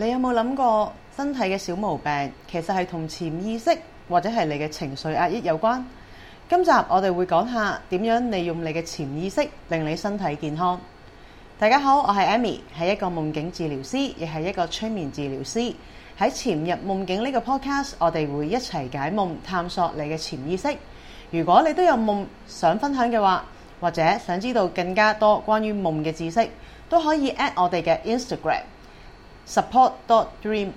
你有冇諗過身體嘅小毛病，其實係同潛意識或者係你嘅情緒壓抑有關？今集我哋會講下點樣利用你嘅潛意識令你身體健康。大家好，我係 Amy，係一個夢境治療師，亦係一個催眠治療師。喺潛入夢境呢個 podcast，我哋會一齊解夢，探索你嘅潛意識。如果你都有夢想分享嘅話，或者想知道更加多關於夢嘅知識，都可以 at 我哋嘅 Instagram。Support d r e a m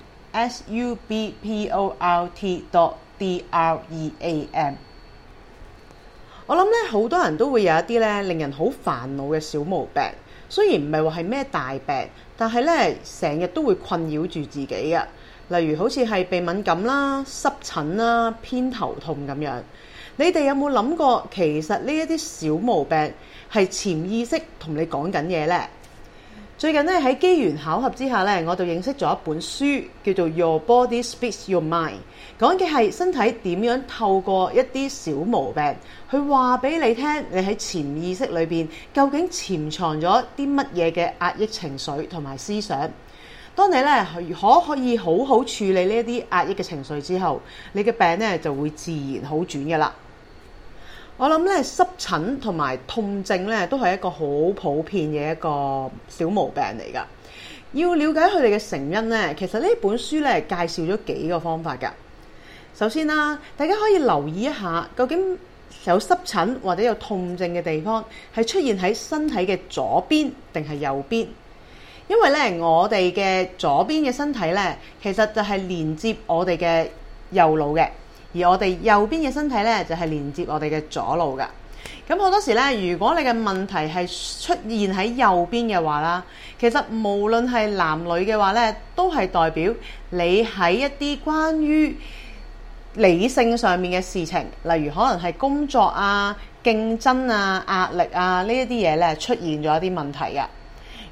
S U B P O r T d R E A M。我諗咧，好多人都會有一啲咧，令人好煩惱嘅小毛病。雖然唔係話係咩大病，但係咧，成日都會困擾住自己嘅。例如好似係鼻敏感啦、濕疹啦、偏頭痛咁樣。你哋有冇諗過，其實呢一啲小毛病係潛意識同你講緊嘢呢？最近咧喺機緣巧合之下咧，我就認識咗一本書，叫做《Your Body Speaks Your Mind》，講嘅係身體點樣透過一啲小毛病，去話俾你聽，你喺潛意識裏邊究竟潛藏咗啲乜嘢嘅壓抑情緒同埋思想。當你咧可可以好好處理呢一啲壓抑嘅情緒之後，你嘅病咧就會自然好轉㗎啦。我諗咧濕疹同埋痛症咧都係一個好普遍嘅一個小毛病嚟噶。要了解佢哋嘅成因呢，其實呢本書咧介紹咗幾個方法噶。首先啦，大家可以留意一下，究竟有濕疹或者有痛症嘅地方係出現喺身體嘅左邊定係右邊？因為咧我哋嘅左邊嘅身體咧，其實就係連接我哋嘅右腦嘅。而我哋右邊嘅身體呢，就係連接我哋嘅左腦㗎。咁好多時呢，如果你嘅問題係出現喺右邊嘅話啦，其實無論係男女嘅話呢，都係代表你喺一啲關於理性上面嘅事情，例如可能係工作啊、競爭啊、壓力啊呢一啲嘢呢，出現咗一啲問題嘅。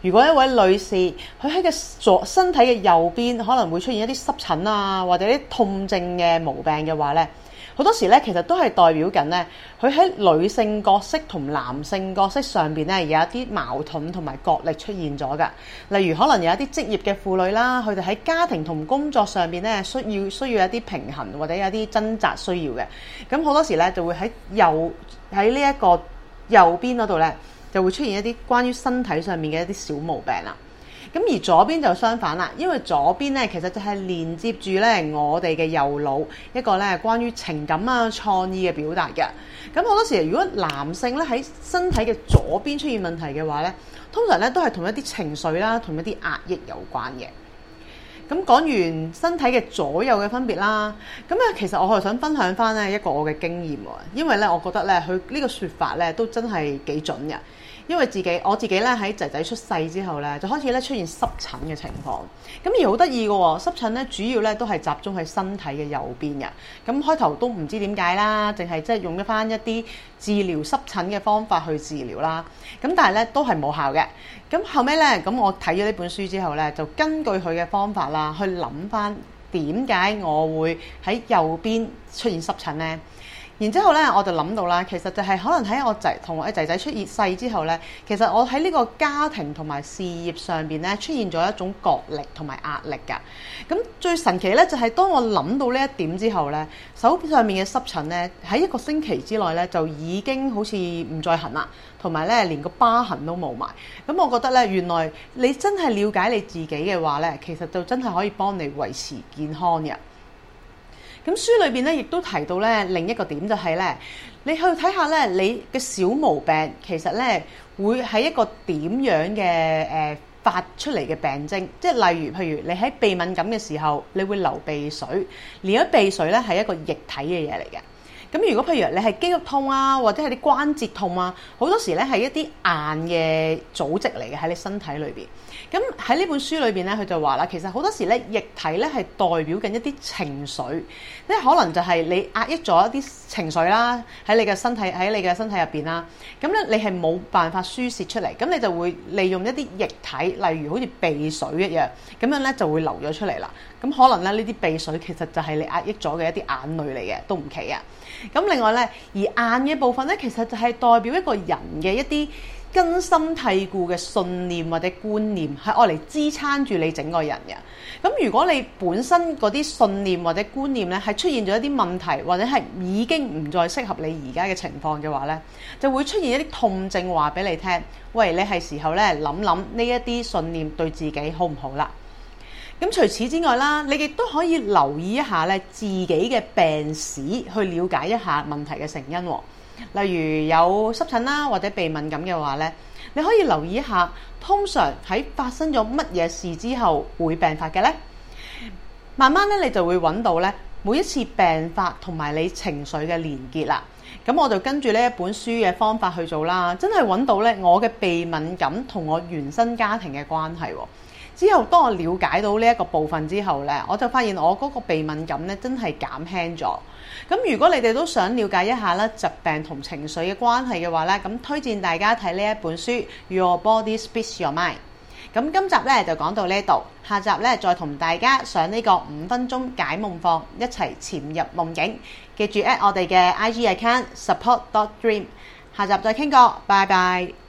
如果一位女士，佢喺佢身體嘅右邊，可能會出現一啲濕疹啊，或者啲痛症嘅毛病嘅話，呢好多時呢，其實都係代表緊呢，佢喺女性角色同男性角色上邊呢，有一啲矛盾同埋角力出現咗㗎。例如可能有一啲職業嘅婦女啦，佢哋喺家庭同工作上邊呢，需要需要一啲平衡或者有啲掙扎需要嘅。咁好多時呢，就會喺右喺呢一個右邊嗰度呢。就會出現一啲關於身體上面嘅一啲小毛病啦。咁而左邊就相反啦，因為左邊呢，其實就係連接住呢我哋嘅右腦，一個呢關於情感啊、創意嘅表達嘅。咁好多時，如果男性呢喺身體嘅左邊出現問題嘅話呢，通常呢都係同一啲情緒啦，同一啲壓抑有關嘅。咁講完身體嘅左右嘅分別啦，咁啊，其實我係想分享翻呢一個我嘅經驗喎，因為呢我覺得呢，佢呢個說法呢都真係幾準嘅。因為自己我自己咧喺仔仔出世之後咧，就開始咧出現濕疹嘅情況。咁而好得意嘅喎，濕疹咧主要咧都係集中喺身體嘅右邊嘅。咁開頭都唔知點解啦，淨係即係用咗翻一啲治療濕疹嘅方法去治療啦。咁但係咧都係冇效嘅。咁後尾咧，咁我睇咗呢本書之後咧，就根據佢嘅方法啦，去諗翻點解我會喺右邊出現濕疹咧。然之後咧，我就諗到啦，其實就係可能喺我仔同我仔仔出世之後呢，其實我喺呢個家庭同埋事業上邊呢，出現咗一種角力同埋壓力㗎。咁最神奇呢，就係、是、當我諗到呢一點之後呢，手上面嘅濕疹呢，喺一個星期之內呢，就已經好似唔再痕啦，同埋呢連個疤痕都冇埋。咁我覺得呢，原來你真係了解你自己嘅話呢，其實就真係可以幫你維持健康嘅。咁書裏邊咧，亦都提到咧，另一個點就係咧，你去睇下咧，你嘅小毛病其實咧會係一個點樣嘅誒、呃、發出嚟嘅病徵，即係例如譬如你喺鼻敏感嘅時候，你會流鼻水，而嗰鼻水咧係一個液體嘅嘢嚟嘅。咁如果譬如你係肌肉痛啊，或者係啲關節痛啊，好多時咧係一啲硬嘅組織嚟嘅，喺你身體裏邊。咁喺呢本書裏邊咧，佢就話啦，其實好多時咧液體咧係代表緊一啲情緒，即係可能就係你壓抑咗一啲情緒啦，喺你嘅身體喺你嘅身體入邊啦。咁咧你係冇辦法輸泄出嚟，咁你就會利用一啲液體，例如好似鼻水一樣，咁樣咧就會流咗出嚟啦。咁可能咧呢啲鼻水其實就係你壓抑咗嘅一啲眼淚嚟嘅，都唔奇啊！咁另外咧，而硬嘅部分咧，其實就係代表一個人嘅一啲根深蒂固嘅信念或者觀念，係愛嚟支撐住你整個人嘅。咁如果你本身嗰啲信念或者觀念咧，係出現咗一啲問題，或者係已經唔再適合你而家嘅情況嘅話咧，就會出現一啲痛症話俾你聽：喂，你係時候咧諗諗呢一啲信念對自己好唔好啦？咁除此之外啦，你亦都可以留意一下咧自己嘅病史，去了解一下問題嘅成因。例如有濕疹啦，或者鼻敏感嘅話咧，你可以留意一下，通常喺發生咗乜嘢事之後會病發嘅咧。慢慢咧，你就會揾到咧每一次病發同埋你情緒嘅連結啦。咁我就跟住呢一本書嘅方法去做啦，真係揾到咧我嘅鼻敏感同我原生家庭嘅關係。之後，當我了解到呢一個部分之後呢，我就發現我嗰個鼻敏感呢真係減輕咗。咁如果你哋都想了解一下咧疾病同情緒嘅關係嘅話呢，咁推薦大家睇呢一本書《Your Body Speaks Your Mind》。咁今集呢就講到呢度，下集呢再同大家上呢個五分鐘解夢課，一齊潛入夢境。記住 at 我哋嘅 IG account support dot dream。下集再傾過，拜拜。